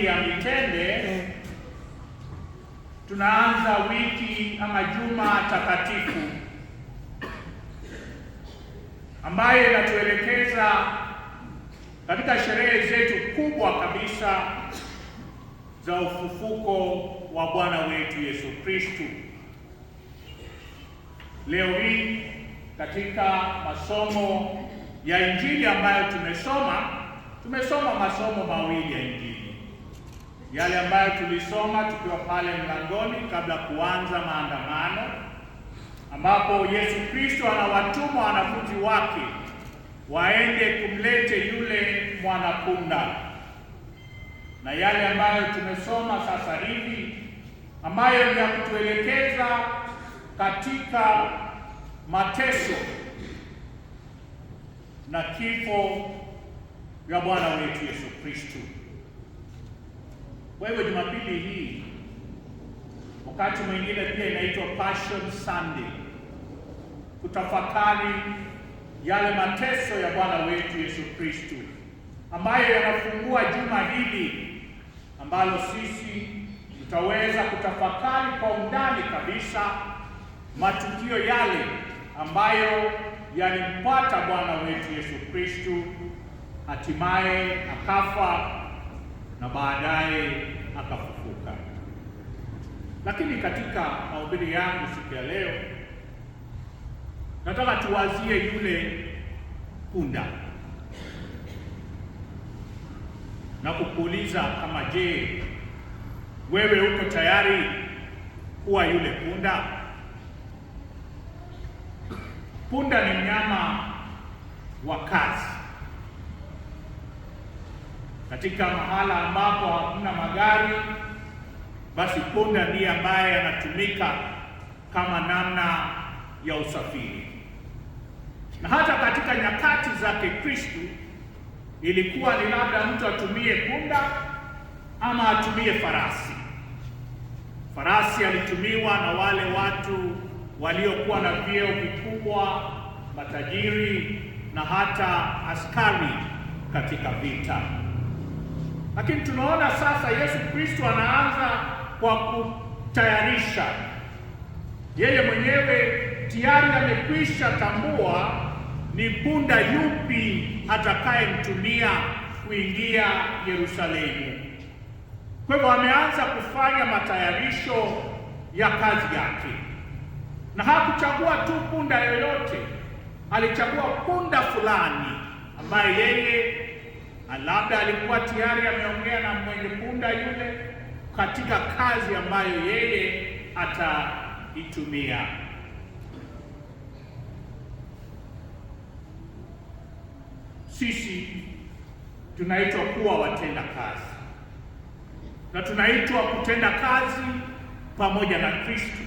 hii ya mitende tunaanza wiki ama juma takatifu ambayo inatuelekeza katika sherehe zetu kubwa kabisa za ufufuko wa Bwana wetu Yesu Kristu. Leo hii katika masomo ya Injili ambayo tumesoma tumesoma masomo mawili ya Injili yale ambayo tulisoma tukiwa pale mlangoni kabla kuanza maandamano, ambapo Yesu Kristo anawatuma wanafunzi wake waende kumlete yule mwanapunda, na yale ambayo tumesoma sasa hivi ambayo ni ya kutuelekeza katika mateso na kifo ya Bwana wetu Yesu Kristo hivyo Jumapili hii wakati mwingine pia inaitwa Passion Sunday, kutafakari yale mateso ya Bwana wetu Yesu Kristu ambayo yanafungua juma hili ambalo sisi tutaweza kutafakari kwa undani kabisa matukio yale ambayo yalimpata Bwana wetu Yesu Kristu, hatimaye akafa na baadaye akafufuka. Lakini katika mahubiri yangu siku ya leo, nataka tuwazie yule punda na kukuuliza kama, je, wewe uko tayari kuwa yule punda? Punda ni mnyama wa kazi katika mahala ambapo hakuna magari, basi punda ndiye ambaye anatumika kama namna ya usafiri. Na hata katika nyakati za Kikristo ilikuwa ni labda mtu atumie punda ama atumie farasi. Farasi alitumiwa na wale watu waliokuwa na vyeo vikubwa, matajiri na hata askari katika vita. Lakini tunaona sasa Yesu Kristo anaanza kwa kutayarisha. Yeye mwenyewe tayari amekwisha tambua ni punda yupi atakayemtumia kuingia Yerusalemu. Kwa hivyo ameanza kufanya matayarisho ya kazi yake, na hakuchagua tu punda yoyote, alichagua punda fulani ambaye yeye Ah, labda alikuwa tayari ameongea na mwenye punda yule katika kazi ambayo yeye ataitumia. Sisi tunaitwa kuwa watenda kazi na tunaitwa kutenda kazi pamoja na Kristo,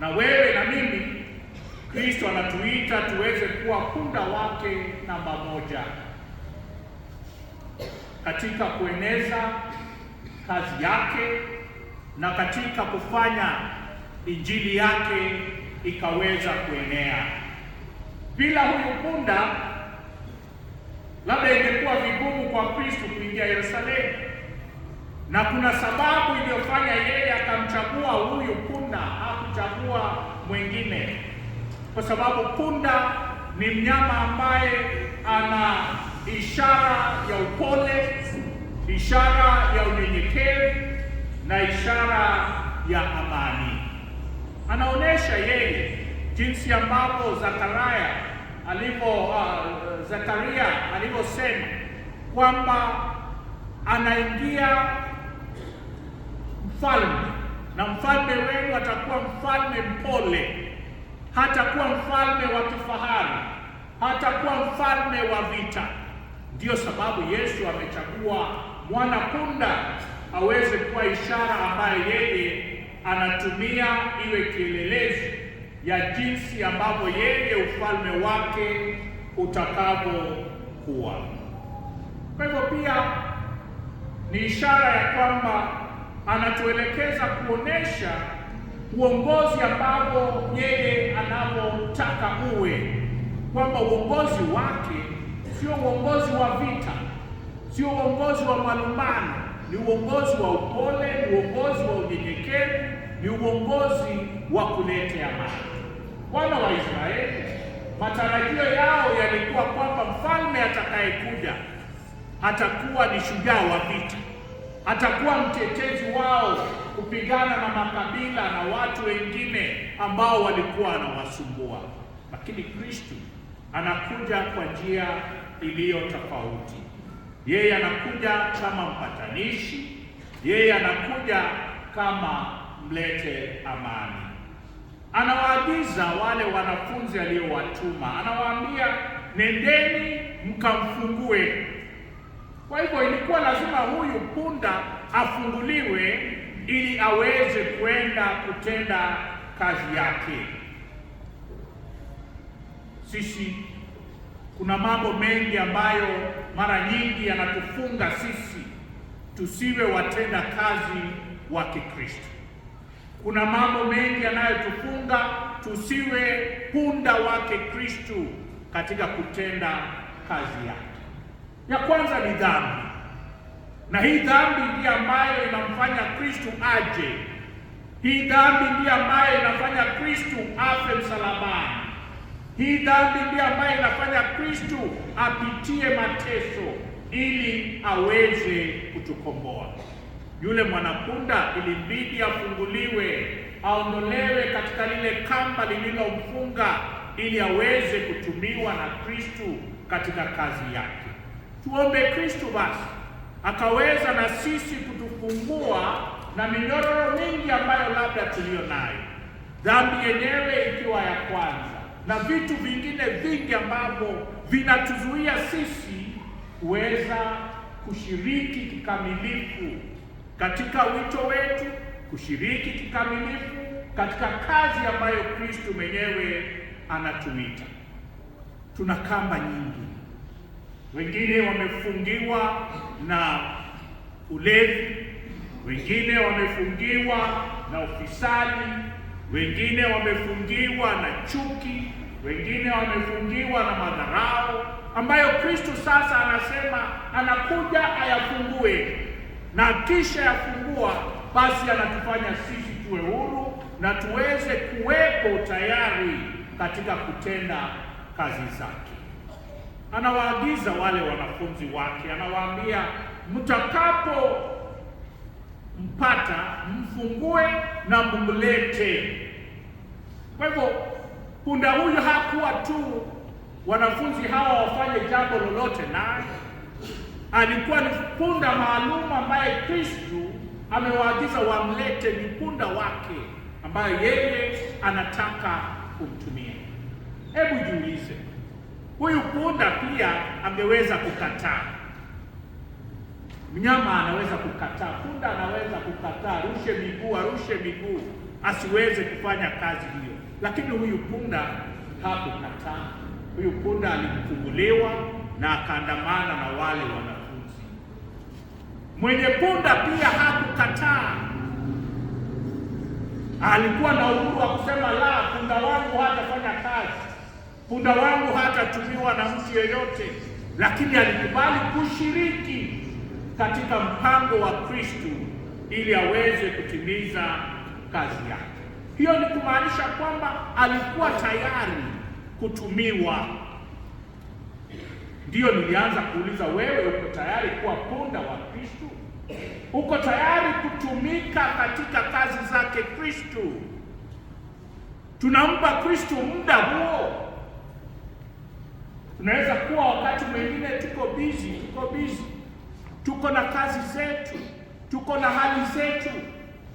na wewe na mimi, Kristo anatuita tuweze kuwa punda wake namba moja katika kueneza kazi yake na katika kufanya injili yake ikaweza kuenea. Bila huyu punda, labda ingekuwa vigumu kwa Kristo kuingia Yerusalemu, na kuna sababu iliyofanya yeye akamchagua huyu punda, hakuchagua mwingine, kwa sababu punda ni mnyama ambaye ana ishara ya upole, ishara ya unyenyekevu na ishara ya amani. Anaonyesha yeye jinsi ambavyo Zakaria alivyo uh, Zakaria alivyosema kwamba anaingia mfalme na mfalme wenu atakuwa mfalme mpole, hatakuwa mfalme wa kifahari, hatakuwa mfalme wa vita. Ndiyo sababu Yesu amechagua mwana punda aweze kuwa ishara ambayo yeye anatumia iwe kielelezo ya jinsi ambavyo yeye ufalme wake utakavyokuwa. Kwa hivyo pia ni ishara ya kwamba anatuelekeza kuonesha uongozi ambao yeye anavyotaka uwe, kwamba uongozi wake sio uongozi wa vita, sio uongozi wa malumbano, ni uongozi wa upole, ni uongozi wa unyenyekevu, ni uongozi wa kuleta amani. Wana wa Israeli matarajio yao yalikuwa kwamba mfalme atakayekuja atakuwa ni shujaa wa vita, atakuwa mtetezi wao kupigana na makabila na watu wengine ambao walikuwa wanawasumbua, lakini Kristo anakuja kwa njia iliyo tofauti. Yeye anakuja kama mpatanishi, yeye anakuja kama mlete amani. Anawaagiza wale wanafunzi aliyowatuma, anawaambia nendeni mkamfungue. Kwa hivyo ilikuwa lazima huyu punda afunguliwe ili aweze kwenda kutenda kazi yake sisi, kuna mambo mengi ambayo mara nyingi yanatufunga sisi tusiwe watenda kazi wa Kikristo. Kuna mambo mengi yanayotufunga tusiwe punda wake Kristo katika kutenda kazi yake. Ya kwanza ni dhambi, na hii dhambi ndiyo ambayo inamfanya Kristo aje. Hii dhambi ndiyo ambayo inafanya Kristo afe msalabani. Hii dhambi ndio ambayo inafanya Kristu apitie mateso ili aweze kutukomboa. Yule mwanapunda ilibidi afunguliwe, aondolewe katika lile kamba lililomfunga ili aweze kutumiwa na Kristu katika kazi yake. Tuombe Kristu basi akaweza na sisi kutufungua na minyororo mingi ambayo labda tuliyo nayo, dhambi yenyewe ikiwa ya kwanza na vitu vingine vingi ambavyo vinatuzuia sisi kuweza kushiriki kikamilifu katika wito wetu, kushiriki kikamilifu katika kazi ambayo Kristo mwenyewe anatuita. Tuna kamba nyingi, wengine wamefungiwa na ulevi, wengine wamefungiwa na ufisadi wengine wamefungiwa na chuki, wengine wamefungiwa na madharau ambayo Kristo sasa anasema anakuja ayafungue, na kisha yafungua, basi anatufanya sisi tuwe huru na tuweze kuwepo tayari katika kutenda kazi zake. Anawaagiza wale wanafunzi wake, anawaambia mtakapo mpata, mfungue na mumlete. Kwa hivyo punda huyu hakuwa tu wanafunzi hawa wafanye jambo lolote naye, alikuwa ni punda maalum ambaye Kristu amewaagiza wamlete. Ni punda wake ambaye yeye anataka kumtumia. Hebu jiulize, huyu punda pia angeweza kukataa Mnyama anaweza kukataa, punda anaweza kukataa, rushe miguu, arushe miguu, asiweze kufanya kazi hiyo, lakini huyu punda hakukataa. Huyu punda alifunguliwa na akaandamana na wale wanafunzi. Mwenye punda pia hakukataa, alikuwa na uhuru wa kusema la, punda wangu hatafanya kazi, punda wangu hatatumiwa na mtu yeyote, lakini alikubali kushiriki katika mpango wa Kristu ili aweze kutimiza kazi yake. Hiyo ni kumaanisha kwamba alikuwa tayari kutumiwa. Ndiyo nilianza kuuliza, wewe uko tayari kuwa punda wa Kristu? Uko tayari kutumika katika kazi zake Kristu? Tunampa Kristu muda huo. Tunaweza kuwa wakati mwingine tuko busy, tuko busy tuko na kazi zetu, tuko na hali zetu,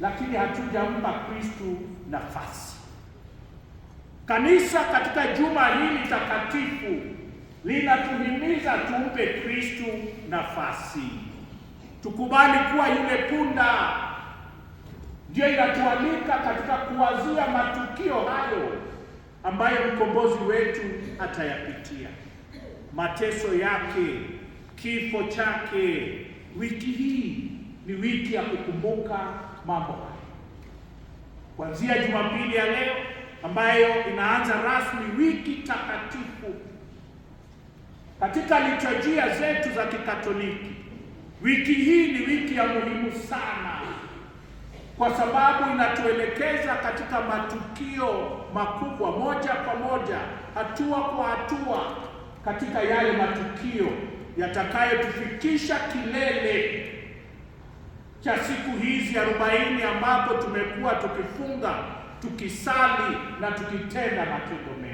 lakini hatujampa Kristu nafasi. Kanisa katika juma hili takatifu linatuhimiza tumpe Kristu nafasi, tukubali kuwa yule punda. Ndiyo inatualika katika kuwazia matukio hayo ambayo mkombozi wetu atayapitia, mateso yake, kifo chake Wiki hii ni wiki ya kukumbuka mambo haya kuanzia Jumapili ya leo ambayo inaanza rasmi wiki takatifu katika liturujia zetu za Kikatoliki. Wiki hii ni wiki ya muhimu sana, kwa sababu inatuelekeza katika matukio makubwa, moja kwa moja, hatua kwa hatua, katika yale matukio yatakayotufikisha kilele cha siku hizi arobaini ambapo tumekuwa tukifunga, tukisali na tukitenda matendo mema.